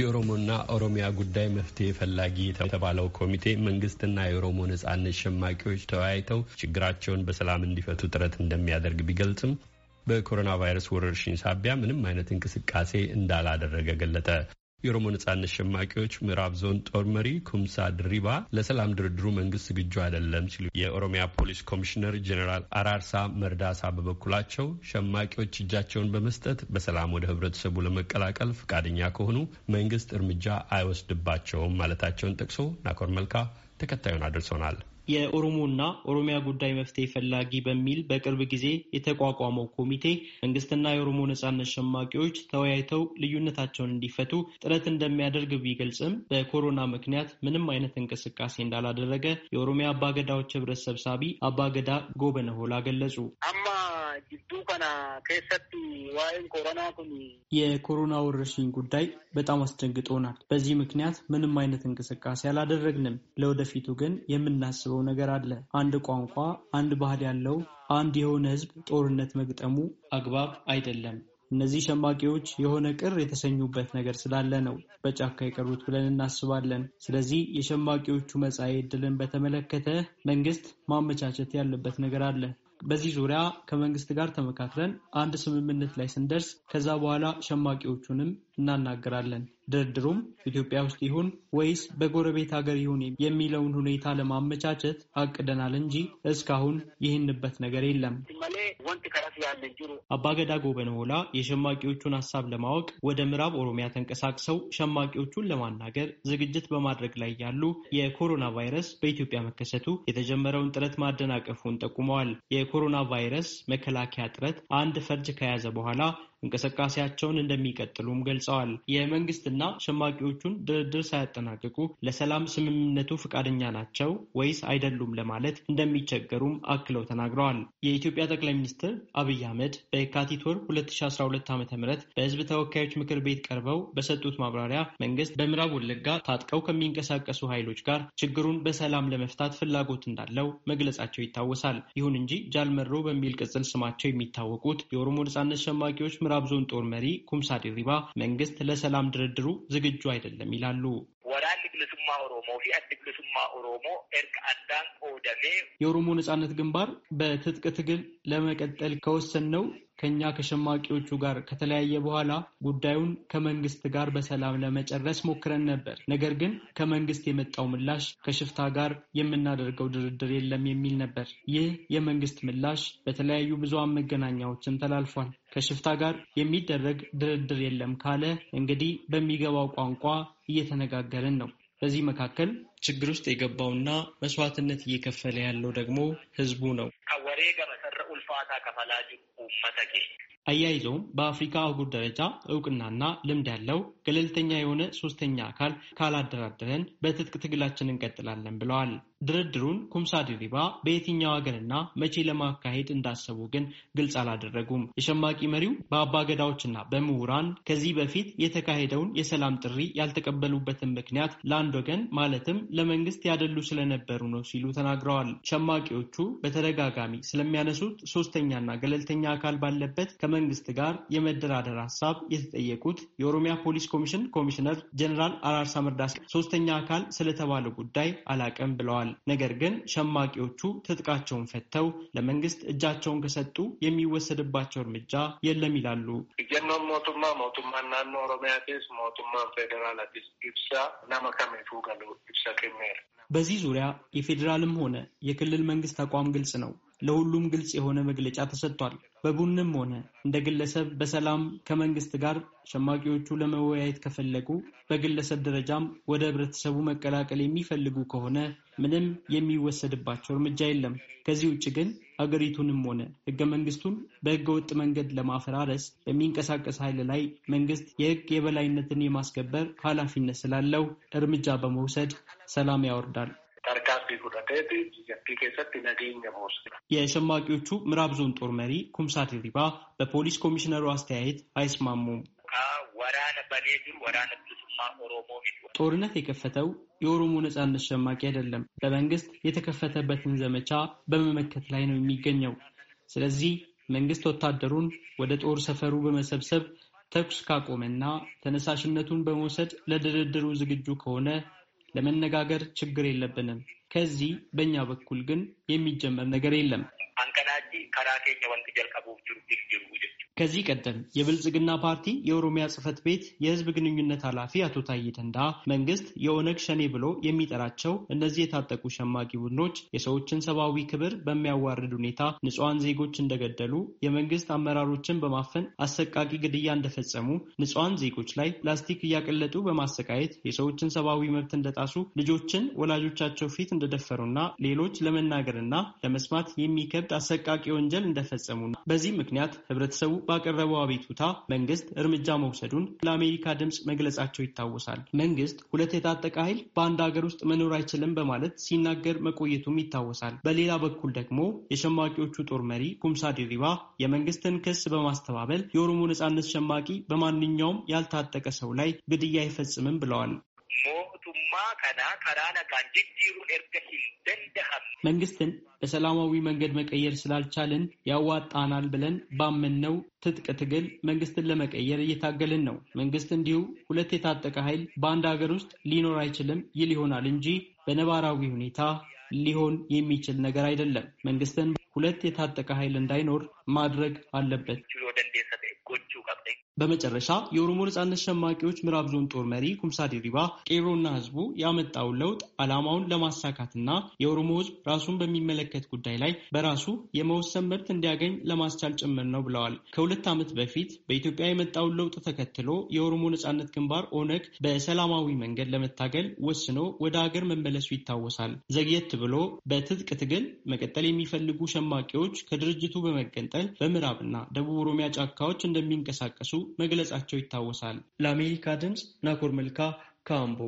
የኦሮሞና ኦሮሚያ ጉዳይ መፍትሄ ፈላጊ የተባለው ኮሚቴ መንግስትና የኦሮሞ ነጻነት ሸማቂዎች ተወያይተው ችግራቸውን በሰላም እንዲፈቱ ጥረት እንደሚያደርግ ቢገልጽም በኮሮና ቫይረስ ወረርሽኝ ሳቢያ ምንም አይነት እንቅስቃሴ እንዳላደረገ ገለጠ። የኦሮሞ ነጻነት ሸማቂዎች ምዕራብ ዞን ጦር መሪ ኩምሳ ድሪባ ለሰላም ድርድሩ መንግስት ዝግጁ አይደለም ሲሉ የኦሮሚያ ፖሊስ ኮሚሽነር ጀኔራል አራርሳ መርዳሳ በበኩላቸው ሸማቂዎች እጃቸውን በመስጠት በሰላም ወደ ህብረተሰቡ ለመቀላቀል ፈቃደኛ ከሆኑ መንግስት እርምጃ አይወስድባቸውም ማለታቸውን ጠቅሶ ናኮር መልካ ተከታዩን አድርሶናል። የኦሮሞና ኦሮሚያ ጉዳይ መፍትሄ ፈላጊ በሚል በቅርብ ጊዜ የተቋቋመው ኮሚቴ መንግስትና የኦሮሞ ነጻነት ሸማቂዎች ተወያይተው ልዩነታቸውን እንዲፈቱ ጥረት እንደሚያደርግ ቢገልጽም በኮሮና ምክንያት ምንም አይነት እንቅስቃሴ እንዳላደረገ የኦሮሚያ አባገዳዎች ህብረት ሰብሳቢ አባገዳ ጎበነ ሆላ ገለጹ። የኮሮና ወረርሽኝ ጉዳይ በጣም አስደንግጦናል። በዚህ ምክንያት ምንም አይነት እንቅስቃሴ አላደረግንም። ለወደፊቱ ግን የምናስበው ነገር አለ። አንድ ቋንቋ፣ አንድ ባህል ያለው አንድ የሆነ ህዝብ ጦርነት መግጠሙ አግባብ አይደለም። እነዚህ ሸማቂዎች የሆነ ቅር የተሰኙበት ነገር ስላለ ነው በጫካ የቀሩት ብለን እናስባለን። ስለዚህ የሸማቂዎቹ መጻኤ ዕድልን በተመለከተ መንግስት ማመቻቸት ያለበት ነገር አለ። በዚህ ዙሪያ ከመንግስት ጋር ተመካክረን አንድ ስምምነት ላይ ስንደርስ ከዛ በኋላ ሸማቂዎቹንም እናናገራለን። ድርድሩም ኢትዮጵያ ውስጥ ይሁን ወይስ በጎረቤት ሀገር ይሁን የሚለውን ሁኔታ ለማመቻቸት አቅደናል እንጂ እስካሁን ይህንበት ነገር የለም። አባገዳ ጎበነ ሆላ የሸማቂዎቹን ሀሳብ ለማወቅ ወደ ምዕራብ ኦሮሚያ ተንቀሳቅሰው ሸማቂዎቹን ለማናገር ዝግጅት በማድረግ ላይ ያሉ የኮሮና ቫይረስ በኢትዮጵያ መከሰቱ የተጀመረውን ጥረት ማደናቀፉን ጠቁመዋል። የኮሮና ቫይረስ መከላከያ ጥረት አንድ ፈርጅ ከያዘ በኋላ እንቅስቃሴያቸውን እንደሚቀጥሉም ገልጸዋል። የመንግስትና ሸማቂዎቹን ድርድር ሳያጠናቅቁ ለሰላም ስምምነቱ ፈቃደኛ ናቸው ወይስ አይደሉም ለማለት እንደሚቸገሩም አክለው ተናግረዋል። የኢትዮጵያ ጠቅላይ ሚኒስትር አብይ አህመድ በየካቲት ወር 2012 ዓ ም በህዝብ ተወካዮች ምክር ቤት ቀርበው በሰጡት ማብራሪያ መንግስት በምዕራብ ወለጋ ታጥቀው ከሚንቀሳቀሱ ኃይሎች ጋር ችግሩን በሰላም ለመፍታት ፍላጎት እንዳለው መግለጻቸው ይታወሳል። ይሁን እንጂ ጃልመሮ በሚል ቅጽል ስማቸው የሚታወቁት የኦሮሞ ነጻነት ሸማቂዎች የምዕራብ ዞን ጦር መሪ ኩምሳ ዲሪባ መንግስት ለሰላም ድርድሩ ዝግጁ አይደለም ይላሉ። የኦሮሞ ነጻነት ግንባር በትጥቅ ትግል ለመቀጠል ከወሰን ነው ከኛ ከሸማቂዎቹ ጋር ከተለያየ በኋላ ጉዳዩን ከመንግስት ጋር በሰላም ለመጨረስ ሞክረን ነበር። ነገር ግን ከመንግስት የመጣው ምላሽ ከሽፍታ ጋር የምናደርገው ድርድር የለም የሚል ነበር። ይህ የመንግስት ምላሽ በተለያዩ ብዙሃን መገናኛዎችም ተላልፏል። ከሽፍታ ጋር የሚደረግ ድርድር የለም ካለ እንግዲህ በሚገባው ቋንቋ እየተነጋገርን ነው። በዚህ መካከል ችግር ውስጥ የገባውና መስዋዕትነት እየከፈለ ያለው ደግሞ ህዝቡ ነው። ulfaataa kafalaa jiru uummata kee አያይዘውም በአፍሪካ አህጉር ደረጃ እውቅናና ልምድ ያለው ገለልተኛ የሆነ ሶስተኛ አካል ካላደራደረን በትጥቅ ትግላችን እንቀጥላለን ብለዋል። ድርድሩን ኩምሳ ድሪባ በየትኛው ሀገርና መቼ ለማካሄድ እንዳሰቡ ግን ግልጽ አላደረጉም። የሸማቂ መሪው በአባገዳዎችና በምሁራን ከዚህ በፊት የተካሄደውን የሰላም ጥሪ ያልተቀበሉበትን ምክንያት ለአንድ ወገን ማለትም ለመንግስት ያደሉ ስለነበሩ ነው ሲሉ ተናግረዋል። ሸማቂዎቹ በተደጋጋሚ ስለሚያነሱት ሶስተኛና ገለልተኛ አካል ባለበት ከመንግስት ጋር የመደራደር ሀሳብ የተጠየቁት የኦሮሚያ ፖሊስ ኮሚሽን ኮሚሽነር ጀኔራል አራርሳ መርዳሳ ሶስተኛ አካል ስለተባለ ጉዳይ አላቀም ብለዋል። ነገር ግን ሸማቂዎቹ ትጥቃቸውን ፈተው ለመንግስት እጃቸውን ከሰጡ የሚወሰድባቸው እርምጃ የለም ይላሉ። ጀኖን ሞቱማ ሞቱማ ናኖ ቴስ ሞቱማ ፌዴራል ኢብሳ ናመካሜቱ ጋሉ ኢብሳ በዚህ ዙሪያ የፌዴራልም ሆነ የክልል መንግስት አቋም ግልጽ ነው። ለሁሉም ግልጽ የሆነ መግለጫ ተሰጥቷል። በቡድንም ሆነ እንደ ግለሰብ በሰላም ከመንግስት ጋር ሸማቂዎቹ ለመወያየት ከፈለጉ፣ በግለሰብ ደረጃም ወደ ህብረተሰቡ መቀላቀል የሚፈልጉ ከሆነ ምንም የሚወሰድባቸው እርምጃ የለም። ከዚህ ውጭ ግን አገሪቱንም ሆነ ህገ መንግስቱን በህገወጥ መንገድ ለማፈራረስ በሚንቀሳቀስ ኃይል ላይ መንግስት የህግ የበላይነትን የማስከበር ኃላፊነት ስላለው እርምጃ በመውሰድ ሰላም ያወርዳል። የሸማቂዎቹ ምዕራብ ዞን ጦር መሪ ኩምሳ ድሪባ በፖሊስ ኮሚሽነሩ አስተያየት አይስማሙም። ጦርነት የከፈተው የኦሮሞ ነጻነት ሸማቂ አይደለም፣ በመንግስት የተከፈተበትን ዘመቻ በመመከት ላይ ነው የሚገኘው። ስለዚህ መንግስት ወታደሩን ወደ ጦር ሰፈሩ በመሰብሰብ ተኩስ ካቆመና ተነሳሽነቱን በመውሰድ ለድርድሩ ዝግጁ ከሆነ ለመነጋገር ችግር የለብንም። ከዚህ በእኛ በኩል ግን የሚጀመር ነገር የለም። karaa ወንት wanti ጅሩ jiru ከዚህ ቀደም የብልጽግና ፓርቲ የኦሮሚያ ጽህፈት ቤት የህዝብ ግንኙነት ኃላፊ አቶ ታዬ መንግስት የኦነግ ሸኔ ብሎ የሚጠራቸው እነዚህ የታጠቁ ሸማቂ ቡድኖች የሰዎችን ሰብአዊ ክብር በሚያዋርድ ሁኔታ ንጹሐን ዜጎች እንደገደሉ፣ የመንግስት አመራሮችን በማፈን አሰቃቂ ግድያ እንደፈጸሙ፣ ንጹሐን ዜጎች ላይ ፕላስቲክ እያቀለጡ በማሰቃየት የሰዎችን ሰብአዊ መብት እንደጣሱ፣ ልጆችን ወላጆቻቸው ፊት እንደደፈሩና ሌሎች ለመናገርና ለመስማት የሚከብድ አሰቃቂ ወንጀል እንደፈጸሙና በዚህ ምክንያት ህብረተሰቡ ባቀረበው አቤቱታ መንግስት እርምጃ መውሰዱን ለአሜሪካ ድምፅ መግለጻቸው ይታወሳል። መንግስት ሁለት የታጠቀ ኃይል በአንድ ሀገር ውስጥ መኖር አይችልም በማለት ሲናገር መቆየቱም ይታወሳል። በሌላ በኩል ደግሞ የሸማቂዎቹ ጦር መሪ ኩምሳ ዲሪባ የመንግስትን ክስ በማስተባበል የኦሮሞ ነጻነት ሸማቂ በማንኛውም ያልታጠቀ ሰው ላይ ግድያ አይፈጽምም ብለዋል። መንግስትን በሰላማዊ መንገድ መቀየር ስላልቻልን ያዋጣናል ብለን ባመንነው ትጥቅ ትግል መንግስትን ለመቀየር እየታገልን ነው። መንግስት እንዲሁ ሁለት የታጠቀ ኃይል በአንድ ሀገር ውስጥ ሊኖር አይችልም ይል ይሆናል እንጂ በነባራዊ ሁኔታ ሊሆን የሚችል ነገር አይደለም። መንግስትን ሁለት የታጠቀ ኃይል እንዳይኖር ማድረግ አለበት። በመጨረሻ የኦሮሞ ነጻነት ሸማቂዎች ምዕራብ ዞን ጦር መሪ ኩምሳ ዲሪባ ቄሮና ህዝቡ ያመጣውን ለውጥ ዓላማውን ለማሳካትና የኦሮሞ ህዝብ ራሱን በሚመለከት ጉዳይ ላይ በራሱ የመወሰን መብት እንዲያገኝ ለማስቻል ጭምር ነው ብለዋል። ከሁለት ዓመት በፊት በኢትዮጵያ የመጣውን ለውጥ ተከትሎ የኦሮሞ ነጻነት ግንባር ኦነግ በሰላማዊ መንገድ ለመታገል ወስኖ ወደ ሀገር መመለሱ ይታወሳል። ዘግየት ብሎ በትጥቅ ትግል መቀጠል የሚፈልጉ ሸማቂዎች ከድርጅቱ በመገንጠል በምዕራብና ደቡብ ኦሮሚያ ጫካዎች እንደሚንቀሳቀሱ መግለጻቸው ይታወሳል። ለአሜሪካ ድምፅ ናኮር መልካ ካምቦ